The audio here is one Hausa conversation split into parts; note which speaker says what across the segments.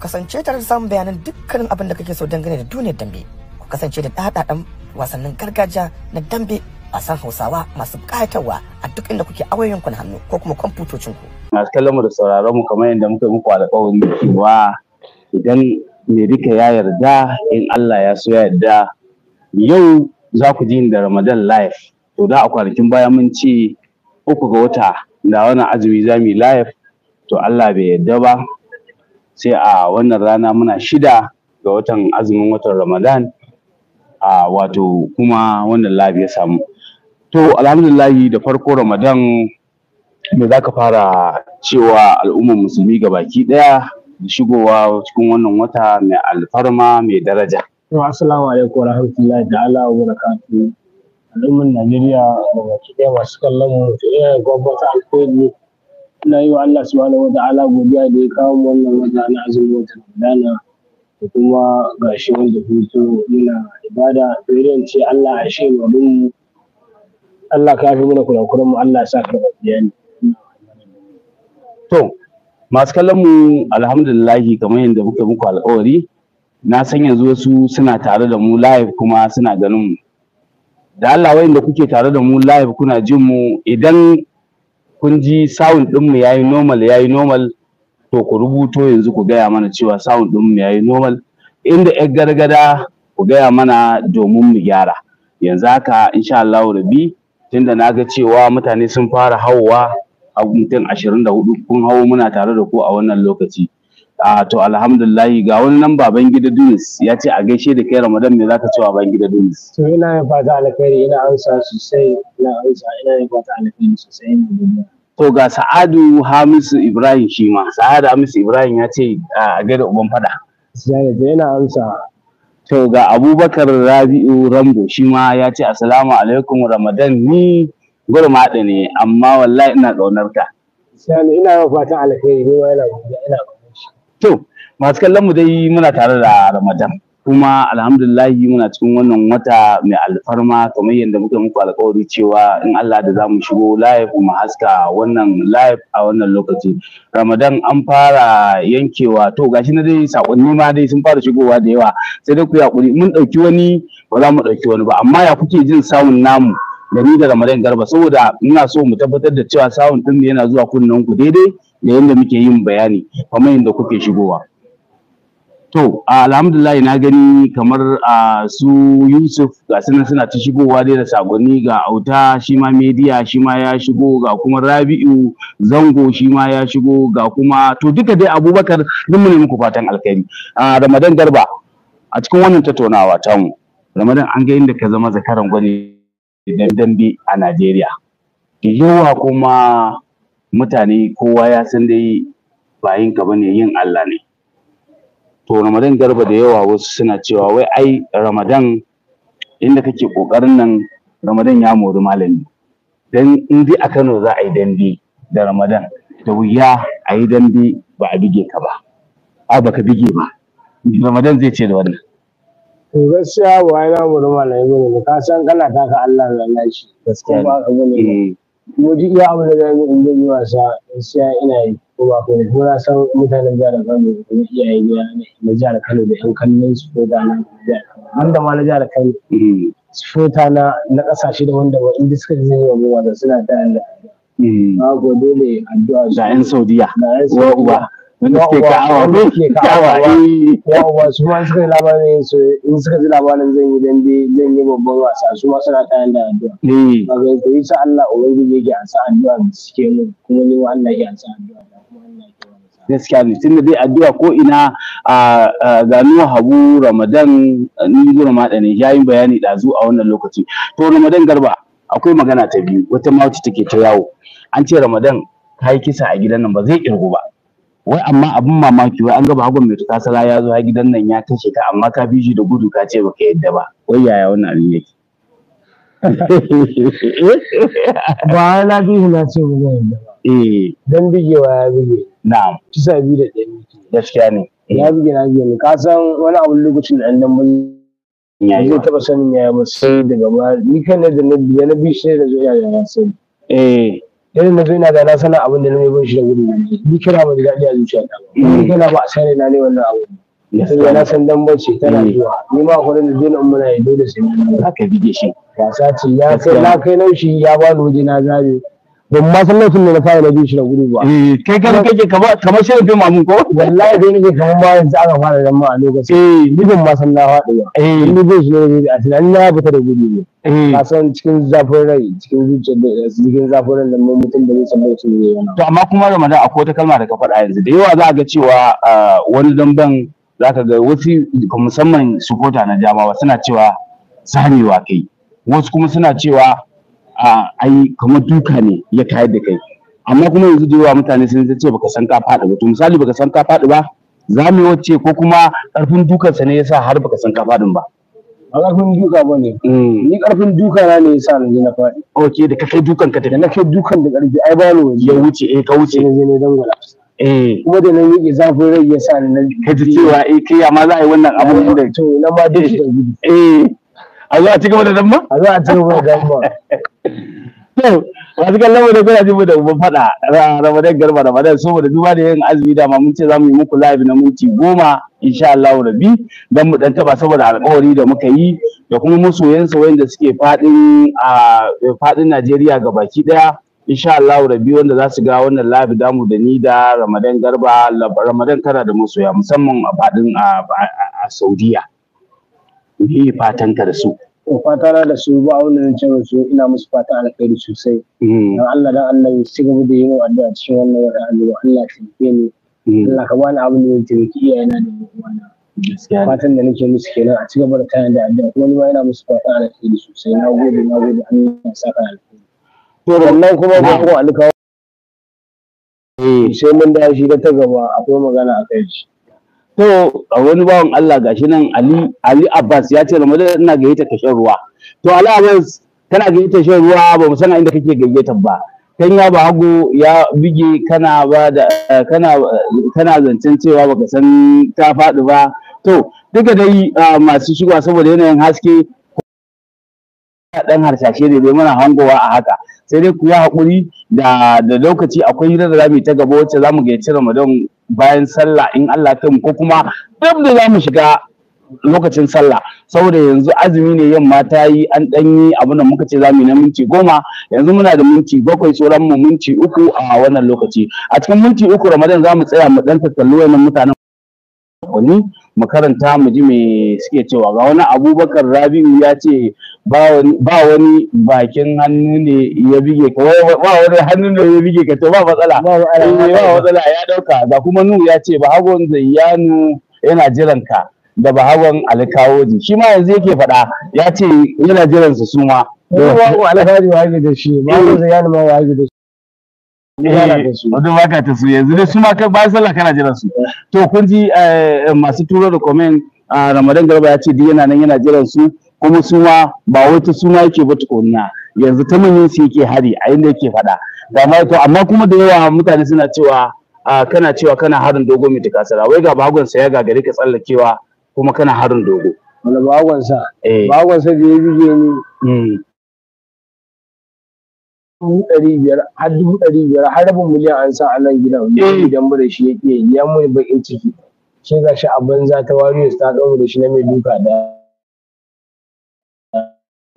Speaker 1: kasance tare da samun bayanan dukkanin abin da kake so dangane da duniyar dambe ku kasance da ɗaɗaɗan wasannin gargajiya na dambe a san hausawa masu ƙayatarwa a duk inda kuke awayoyinku na hannu ko kuma kwamfutocinku. masu kallon mu da sauraron mu kamar yadda muka muku alƙawari cewa idan me duka ya yarda in Allah ya so ya yarda yau za ku ji da Ramadan live to da a kwanakin baya mun ce uku ga wata da wani azumi za mu yi live to Allah bai yarda ba sai a wannan rana muna shida ga watan azumin watan ramadan a wato kuma wannan labi ya samu to alhamdulillahi da farko ramadan me za ka fara cewa al'ummar musulmi ga baki ɗaya da shigowa cikin wannan wata mai alfarma mai daraja assalamu alaikum warahmatullahi ta'ala wa barakatuh al'ummar najeriya ga baki daya masu kallon mu da gwamnati alkhairi ina yi wa Allah subhanahu wata'ala godiya da ya kawo mu wannan wata na azumin watan Ramadana da kuma gashi wanda hutu muna ibada to irin ce Allah a shi wa mu Allah ka fi mana kurakuran mu Allah ya sa ka biya ni to masu kallon mu alhamdulillah kamar yadda muke muku alƙawari na san yanzu wasu suna tare da mu live kuma suna ganin mu da Allah wayanda kuke tare da mu live kuna jin mu idan kun ji sound ɗinmu ya yi normal ya yi normal to ku rubuto yanzu ku gaya mana cewa sound ɗinmu ya yi normal inda yar gargada ku gaya mana domin mu gyara yanzu haka insha Allah rabi tunda na ga cewa mutane sun fara hauwa a mutum ashirin da hudu kun hawo muna tare da ku a wannan lokaci a ah, to alhamdulillahi ga wani nan baban gida Dunis ya ce a gaishe da kai Ramadan me zaka ce baban gida Dunis to ina yin fata alkhairi ina amsa sosai ina amsa ina yin fata alkhairi sosai to ga Sa'adu Hamisu Ibrahim shi ma Sa'adu Hamisu Ibrahim ya ce a gaida uban fada ina amsa to ga Abubakar Rabi'u Rambo shi ma ya ce assalamu alaikum Ramadan ni gurma ne amma wallahi ina ƙaunar sai ina yin fatan alkhairi ne ina ina To, masu kallon mu dai muna tare da Ramadan. Kuma alhamdulillahi muna cikin wannan wata mai alfarma kamar yadda muka muku alkawari cewa in Allah da za mu shigo live mu haska wannan live a wannan lokaci. Ramadan an fara yankewa to gashi na dai sakonni ma dai sun fara shigowa da yawa sai dai ku hakuri mun ɗauki wani ba za mu ɗauki wani ba amma ya kuke jin samun namu da ni da Ramadan Garba saboda ina so mu tabbatar da cewa sawun ɗin yana zuwa kunnen ku daidai da yadda muke yin bayani kamar yadda kuke shigowa to alhamdulillah na gani kamar a su yusuf ga suna suna ta shigowa dai da sakonni ga auta shi ma media shi ma ya shigo ga kuma rabi'u zango shi ma ya shigo ga kuma to duka dai abubakar mun ne muku fatan alkhairi a ramadan garba a cikin wannan tattaunawa ta mu. ramadan an ga inda ka zama zakaran gwani dambe a najeriya da yawa kuma mutane kowa ya san dai ba yin ka bane yin Allah ne to Ramadan garba da yawa wasu suna cewa wai ai Ramadan inda kake kokarin nan Ramadan ya mori malami dan in dai a Kano za a yi dambe da Ramadan da wuya a yi dambe ba a bige ka ba a baka bige ba Ramadan zai ce da wannan to gaskiya ba ai na mori malami ne ka san kana taka Allah Allah shi gaskiya ba ka bane eh. waje iya abin da zai in zai yi wasa siya ina yi ko ba ko ko na san mutanen jihar Kano da iya iyaye na na jihar Kano da yan kallon su ko da na jihar da ma na jihar Kano su fota na na kasashe da wanda ba inda suka zai yi wa da suna da mm. Allah. Na gode dole addu'a da yan Saudiya. Da yan Saudiya. suke ka'awa ka'awa su ji labarin zan yi dambe zan yi babban wasa su ma kayan da addu'a eh. mu kuma ni ne dai addu'a ko ina a ganuwa habu ramadan ni zuwa yayin bayani ɗazu a wannan lokaci to ramadan garba akwai magana ta biyu wata ma take ta yawo an ce ramadan kai yi kisa a gidan nan ba zai kirgu ba wai amma abin mamaki wai an gaba hagun mai tasala ya zo ha gidan nan ya kashe ka amma ka fi shi da gudu ka ce baka yadda ba wai yaya wannan abin yake ba na fi shi na ce ba zan yadda ba eh. dan bigewa ya bige na'am kisa biyu da ɗari gaskiya ne ya bige na bige ne ka san wani abu lokacin da ɗan mun ya zai taɓa sanin yi masu sai daga ba ni kan da na biye na bi shi da zo yaya ya sai eh irin na zo ina da na sana abin da na mai shi da gudu ni kira ba daɗi a zuciya ta ni kira ba a sare na ne wannan abu
Speaker 2: saboda na san dan
Speaker 1: bace tana mm. zuwa ni ma horon da dole muna ya dole sai haka bige shi ya sace ya kai na kai naushi ya bani waje na zabe ban ma san laifin da na fara na biyu shi na gudu ba eh, kai kan kake kamar sai fi mamun ko wallahi dai nake kamar ma yanzu aka fara da ma a lokacin eh ni ban ma san na faɗi ba eh ni bai shi ne a tunanin na fita da gudu ne eh. ka san cikin zafin rai cikin zuciyar da cikin zafin rai da mutum da zai san sun yi to amma kuma ramadan akwai wata kalma da ka faɗa yanzu da yawa za a ga cewa wani damben za ka ga wasu musamman supporter na jama'a suna cewa sarewa kai wasu kuma suna cewa ai kuma duka ne ya kai da kai amma kuma yanzu da yawa mutane sun ce baka san ka faɗi ba to misali baka san ka faɗi ba za mu wacce ko kuma ƙarfin dukansa ne yasa har baka san ka faɗin ba a ƙarfin duka ba ne mm. ni ƙarfin duka na ne yasa ni na faɗi ok da ka kai dukan ka da na kai dukan da ƙarfi ai ba ni ya wuce eh ka wuce ne ne gala eh kuma da nan yake zafin rai yasa ni na ka ji cewa eh kai amma za a yi wannan abun da to na ma dai eh a zo a ci gaba da damma a zo a ci gaba da damma to masu kallon mu da kuna ji mu da uban faɗa ramadan garba ramadan saboda duba da yin azumi dama mun ce za mu yi muku live na minti goma insha Allah rabi dan mu dan taba saboda alƙawari da muka yi da kuma masoyansa wanda suke faɗin a faɗin Najeriya gabaki ɗaya insha Allah rabi wanda za su ga wannan live damu da ni da Ramadan Garba Ramadan kana da masoya musamman a faɗin a Saudiya me fatan ka da su Fata na da su ba wanda zan ce su ina musu fatan alkhairi sosai mm. dan Allah dan Allah su gaba da yi wa addu'a cikin wannan wata addu'a Allah ya taimake ni mm. Allah ka bani abin da zan taimaki yana da wannan fatan da nake musu kenan a cigaba da kayan da addu'a kuma ni ma ina musu fatan alkhairi sosai na gode na gode Allah ya saka alkhairi to wannan kuma ba ku alkawo eh. sai mun dashi da ta gaba akwai magana a kai shi to wani bawan Allah ga shi nan Ali Abbas ya ce Ramadan ina gayyata ka shan ruwa to Ali Abbas kana gayyata shan ruwa ba mu san inda kake gayyata ba kan ya ba hago ya bige kana ba da eh, kana zancen cewa baka san ta faɗi ba to duka dai masu shigowa saboda yanayin haske dan harsashe ne bai mana hangowa a haka sai dai ku yi haƙuri da lokaci akwai hira da za mu yi ta gaba wacce za mu gayyaci Ramadan bayan sallah in Allah ta ko kuma duk da za mu shiga lokacin sallah saboda yanzu azumi ne yamma ta yi an yi abin da muka ce za mu yi na minti goma yanzu muna da minti bakwai sauran mu minti uku a wannan lokaci a cikin minti uku ramadan za mu tsaya mu ɗan tattalin wayannan mutanen Wani mu karanta mu ji me suke cewa ga wani abubakar rabi'u ya ce ba wani bakin hannu ne ya bige ka ba wani hannu ne ya bige ka to ba matsala ba matsala eh, ya dauka ga kuma nu ya ce ba hagon zayyanu yana jiran ka da hagon alkawoji shi ma yanzu yake faɗa ya ce yana jiran su suma. Ba wa alkawoji ba da shi ba eh. zayyanu ba da shi. Eh, wadda ka ta su yanzu dai su ma kai bayan sallah kana jiran su eh. to kun ji eh, masu turo da komen ramadan garba ya ce duk yana nan yana jiran su kuma su ma ba wai ta suna yake ba tukunna yanzu ta manyan su yake hari a inda yake faɗa da to amma kuma da yawa mutane suna cewa kana cewa kana harin dogo mai tukasara wai ga bagon sa ya gagare ka tsallakewa kuma kana harin dogo wala bagon sa bagon sa da ya bige ni hmm. dubu ɗari biyar har dubu ɗari biyar har rabin miliyan an sa a nan gidan eh. idan mu da shi ya ƙi ya mun baƙin ciki shi ga shi a banza ta warriors ta ɗaura da shi na mai duka ɗaya.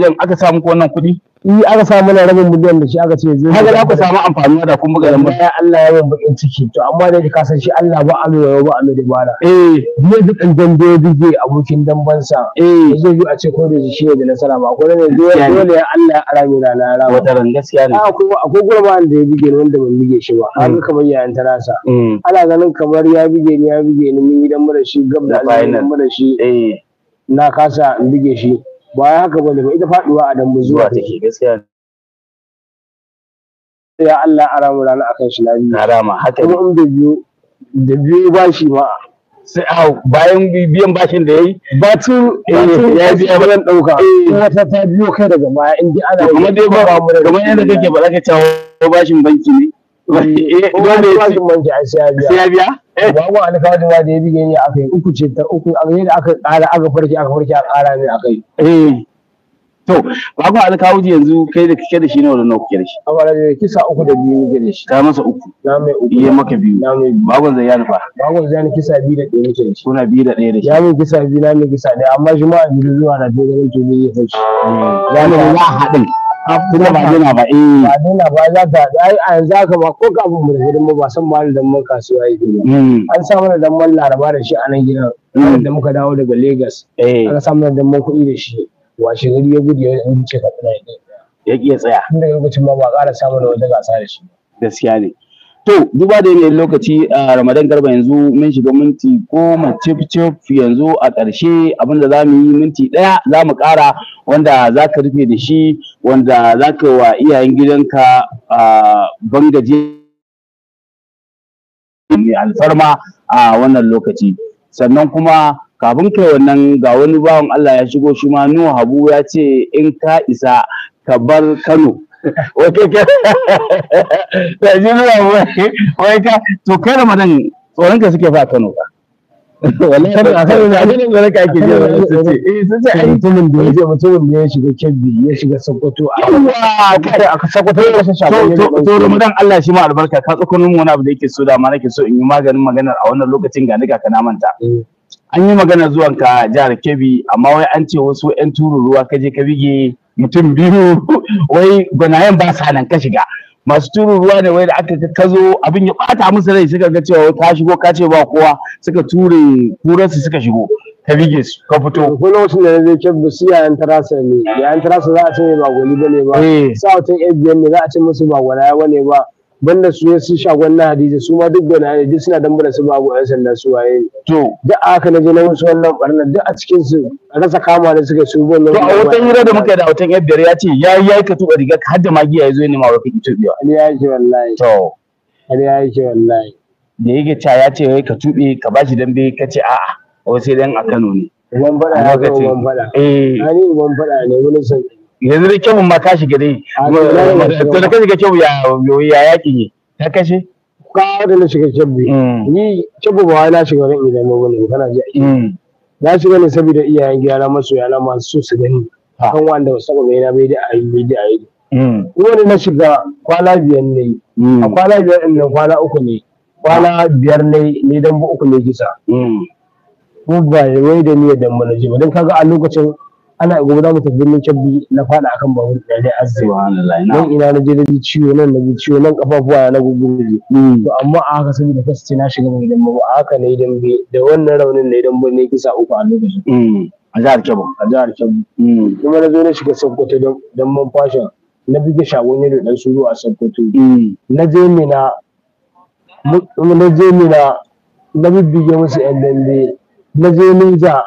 Speaker 1: idan aka samu ko wannan kuɗi in aka samu na rabin miliyan da shi aka ce zai haka za ku samu amfani da kun buga lamba ya Allah ya rubuta ciki to amma da ka san shi Allah ba ya ba ame da bara eh ne duk dan dambe ya bige abokin dambansa eh zai yi a ce ko da shi da nasara ba ko ne dole ya Allah ya arame da na rama wataran gaskiya ne ah, akwai akwai gurbawan da ya bige ni wanda ban bige shi ba har hmm. kamar ya an tarasa hmm. ana ganin kamar ya bige ni ya bige ni mun yi dan mura shi gab da Allah mun mura shi eh na kasa in bige shi ba ya haka bane ba ita faduwa a dambu zuwa take gaskiya ya Allah a ramu rana akan shi biyu. na rama haka kuma in da biyu da biyu bashi ba. sai hau bayan biyan bashin da yayi Batu ya biya eh, ba ɗauka. dauka eh. ta ta biyo kai daga baya in dai ana Kuma dai ba kamar yadda kake ba za ka cawo bashin banki ne Eh, a siya biya eh. babu alkawarin da ya ni uku ce ta uku a aka ƙara aka aka a ƙara ne akai eh. to yanzu kai da kike da shi nawa nawa kike da shi a bara da kisa uku da biyu kike da shi ta masa uku na mai uku iya maka biyu na mai babu zayani fa babu zayani kisa biyu da ɗaya da shi kuna biyu da ɗaya da shi ya mai kisa biyu na mai kisa ɗaya amma shi ma a biyu zuwa na biyu da nake ne ya fashi ya mai za haɗin Ah, kuma ba dina ba eh ba dina ba za ka ai a yanzu haka ba ko ka abun da gidan ba san ba da mun kasuwa yake hmm. an samu da dan man laraba da shi a nan gidan hmm. da muka dawo daga Lagos eh. An samu da dan man kuɗi da shi washe gari ya gudu ya yi wuce ka tsaya ya ki tsaya tun daga lokacin ma ba ƙara samu da wata gasa da shi gaskiya ne To, duba da yanayin lokaci a Ramadan Garba yanzu mun shiga minti goma cif cif yanzu a ƙarshe abinda za mu yi minti ɗaya za mu ƙara wanda za ka rufe da shi wanda za ka wa iyayen gidanka bangaje mai alfarma a wannan lokaci. Sannan kuma kafin kai wannan ga wani bawan Allah ya shigo shi ma Nuhu Habu ya ce in ka isa ka bar Kano. wai kai da jimla wai ka to kai da ramadan tsoron ka suke fa Kano ba wallahi a kan da ne gore ka ke je eh sun ce ai mutumin da ya je mutumin da ya shiga Kebbi ya shiga Sokoto yawa kada aka Sokoto ya rasa shafa to Ramadan Allah shi ma albarka ka tsakonin wani abu da yake so da ma nake so in yi maganin maganar a wannan lokacin ga nika ka namanta. Eh. an yi magana zuwanka jihar Kebbi amma wai an ce wasu 'yan tururuwa ka je ka bige mutum biyu wai gwanayen ba sa nan ka shiga masu turu ruwa ne wai da aka ka zo abin ya bata musu rai suka ga cewa ka shigo ka ce ba kowa suka ture kuransu suka shigo ka bige su ka fito ko lokacin da zai ke ya yayan tarasa ne yayan tarasa za a ce ba goli bane ba sa eh. wata ne za a ce musu ba gwanaye bane ba banda su ne su shagon na Hadiza su ma duk gwanna ne duk suna dambara su babu yan sanda su waye to da aka na je na musu wannan barna duk a cikin su rasa kama da suka su bon to a watan hira da muka da a watan yabbiyar ya ce ya yi ka tuba riga har da magiya ya zo ne ma wa to tubewa ali ya yi wallahi to ali ya yi wallahi da yake ta ya ce wai ka tube ka bashi dambe ka ce a'a wai sai dan a Kano ne wan bada ya zo wan bada eh ani wan bada ne wani sauki yanzu da kyamun ma ka shiga dai ah, to da ka shiga kyamu ya yaƙi ne ta kashe ka da na shiga kyamu mm. ni kyamu ba wai na shiga wani idan ba wani kana ji mm. na shiga ne saboda iyayen gida na masu yana masu so su gani ah. kan wanda ba saba gaina bai da ayi bai da ayi mm. wani na shiga kwana biyar ne a kwana biyar ɗin nan kwana uku ne kwana biyar ne ne dan uku ne kisa ko ba wai da ni dan ba na ji ba don kaga a lokacin ana gobe za mu tafi birnin cabbi na fada akan babur da dai azzima nan ina na je da bi ciwo nan na bi ciwo nan kafafuwa na gugu. Hmm. to amma a haka saboda ce na shiga mai dan ba a haka ne dambe da wannan raunin ne dambe ne kisa uku a lokacin hmm. a jihar Kebbi a jihar Kebbi hmm. kuma na zo na shiga Sokoto don man fashin na bige shagon da dan suru a Sokoto na je mina na je mina na bibbige musu yan dambe na je ninja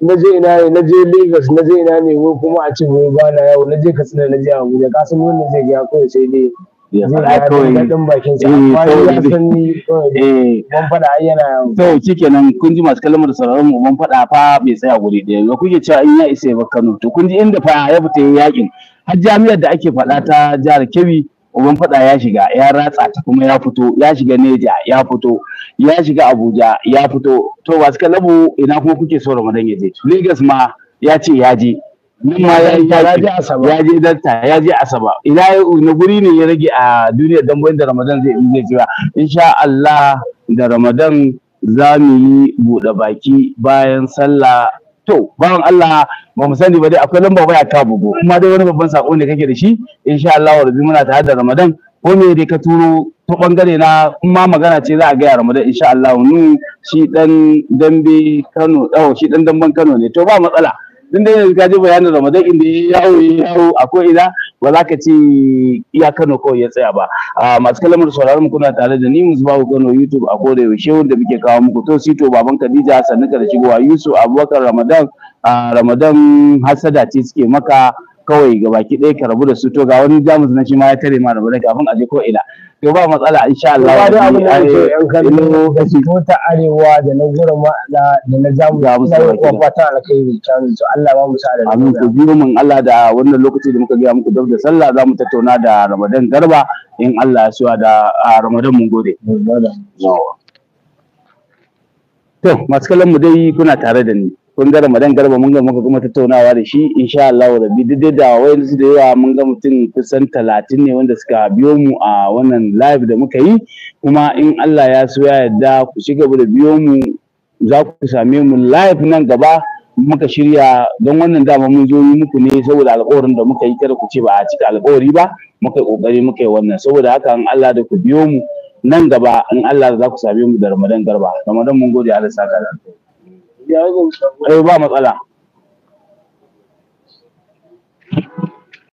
Speaker 1: na je ina ne na je Lagos na je ina ne wai kuma a cikin wai na yawo na je Katsina na je Abuja ka san wannan zai ga kawai sai dai ya faɗa kawai daɗin bakin sa eh, amma ya san ni eh. ban faɗa ai yana yawo to shikenan kun ji masu kalmar sauraron mu ban faɗa fa bai tsaya guri ɗaya ba kuke cewa in ya isa ya Kano to kun ji inda fa ya fita yakin har jami'ar da ake faɗa ta jihar Kebbi uban faɗa ya shiga ya ratsa ta kuma ya fito ya shiga neja ya fito ya shiga Abuja ya fito to ba su labu ina kuma kuke so Ramadan ya je Lagos ma ya ce ya je nan ya je Asaba ya je Delta ya je Asaba ina na guri ne ya rage a duniyar dambayin da Ramadan zai zai ci insha Allah da Ramadan za mu yi buɗe baki bayan sallah to bayan Allah ba mu sani ba dai akwai lamba baya ka bugo kuma dai wani babban sako ne kake da shi insha Allah wa muna tare da Ramadan ko me dai ka turo ta bangare na kuma magana ce za a gaya Ramadan insha Allah nu shi dan dambe Kano oh shi dan damban Kano ne to ba matsala din da yanzu ka ji bayanin Ramadan inda ya yawo yawo akwai ina ba za ka ce iya Kano kawai ya tsaya ba masu kalamar sauraron mu kuna tare da ni mu Musbahu Kano YouTube a koda yaushe wanda muke kawo muku to sito baban Khadija sannuka da shigowa Yusuf Abubakar Ramadan Ramadan hassada ce suke maka kawai gabaki ɗaya ka rabu da su to ga wani jamus na shi ma ya tare ma rabu da kafin a je ko ina to ba matsala insha Allah da abin da ke yan kallo da su ta arewa da na gura ma da na jamus da musu ta fata alkhairi can to Allah ba mu sa'ada amin ku biyo mun Allah da wannan lokaci da muka ga muku dab da sallah za mu tattauna da Ramadan Garba in Allah ya suwa da Ramadan mun gode to masu kallon mu dai kuna tare da ni kun ga Ramadan Garba mun ga muka kuma tattaunawa da shi insha Allah rabbi duk da su da yawa mun ga mutum kusan 30 ne wanda suka biyo mu a wannan live da muka yi kuma in Allah ya so ya yarda ku ci gaba da biyo mu za ku same mu live nan gaba muka shirya don wannan dama mun zo yi muku ne saboda alƙawarin da muka yi kada ku ce ba a cika alƙawari ba muka kokari muka yi wannan saboda haka in Allah da ku biyo mu nan gaba in Allah za ku same mu da Ramadan Garba Ramadan mun gode Allah saka da Eh ba matsala.